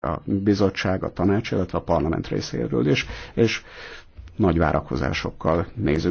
a bizottság, a tanács, illetve a parlament részéről is, és nagy várakozásokkal nézünk.